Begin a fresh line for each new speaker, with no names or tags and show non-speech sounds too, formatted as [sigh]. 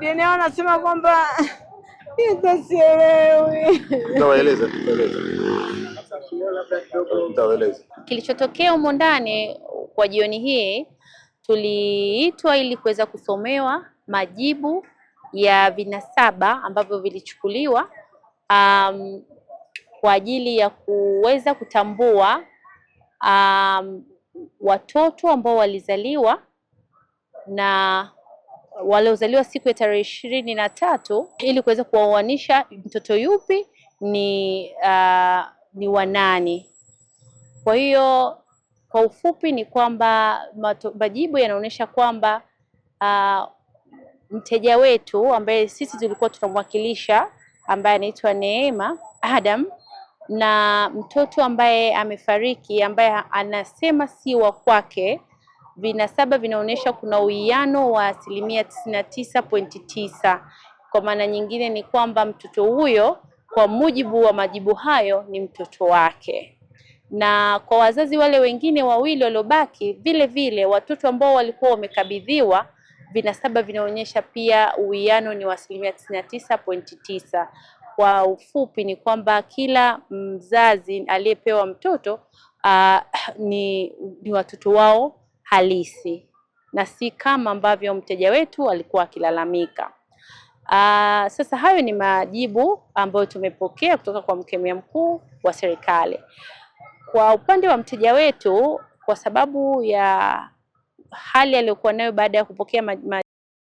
Dina anasema kwamba [laughs] sielewi.
Nitawaeleza,
nitawaeleza kilichotokea humo ndani kwa jioni hii. Tuliitwa ili kuweza kusomewa majibu ya vinasaba ambavyo vilichukuliwa um, kwa ajili ya kuweza kutambua um, watoto ambao walizaliwa na waliozaliwa siku ya tarehe ishirini na tatu ili kuweza kuwaoanisha mtoto yupi ni uh, ni wanani. Kwa hiyo kwa ufupi ni kwamba majibu yanaonyesha kwamba uh, mteja wetu ambaye sisi tulikuwa tunamwakilisha ambaye anaitwa Neema Adam na mtoto ambaye amefariki ambaye anasema si wa kwake vinasaba vinaonyesha kuna uwiano wa asilimia tisini na tisa pointi tisa. Kwa maana nyingine ni kwamba mtoto huyo kwa mujibu wa majibu hayo ni mtoto wake, na kwa wazazi wale wengine wawili waliobaki, vile vile watoto ambao walikuwa wamekabidhiwa vinasaba vinaonyesha pia uwiano ni wa asilimia tisini na tisa pointi tisa. Kwa ufupi ni kwamba kila mzazi aliyepewa mtoto uh, ni, ni watoto wao halisi na si kama ambavyo mteja wetu alikuwa akilalamika. Uh, sasa hayo ni majibu ambayo tumepokea kutoka kwa mkemia mkuu wa serikali. Kwa upande wa mteja wetu, kwa sababu ya hali aliyokuwa nayo baada ya kupokea